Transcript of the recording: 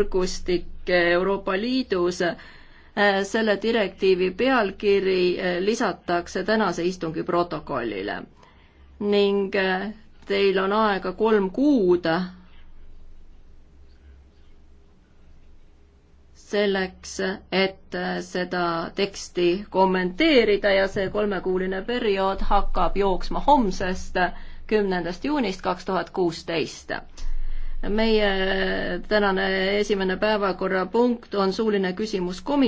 võrgustik Euroopa Liidus. Äh, selle direktiivi pealkiri äh, lisatakse tänase istungi protokollile ning äh, teil on aega kolm kuud selleks, et seda teksti kommenteerida ja see kolmekuuline periood hakkab jooksma homsest, kümnendast juunist kaks tuhat kuusteist meie tänane esimene päevakorrapunkt on suuline küsimus komisjonile.